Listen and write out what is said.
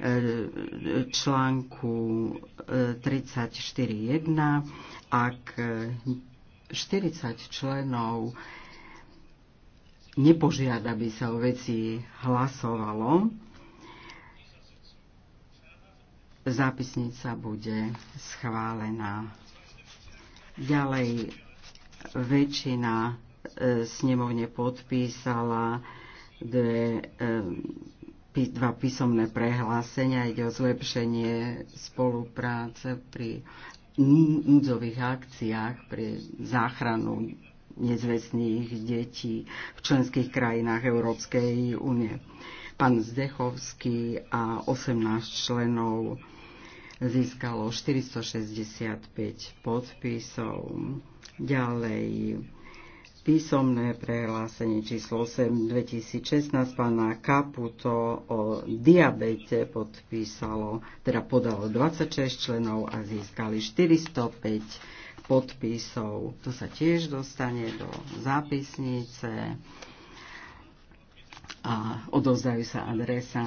E, článku 34.1, e, ak 40 e, členov nepožiada, aby sa o veci hlasovalo, zápisnica bude schválená. Ďalej väčšina snemovne podpísala dve dva písomné prehlásenia. Ide o zlepšenie spolupráce pri núdzových akciách, pri záchranu nezvestných detí v členských krajinách Európskej únie. Pán Zdechovský a 18 členov získalo 465 podpisov. Ďalej písomné prehlásenie číslo 8 2016 pána Kaputo o diabete podpísalo, teda podalo 26 členov a získali 405 podpisov. To sa tiež dostane do zápisnice a odovzdajú sa adresa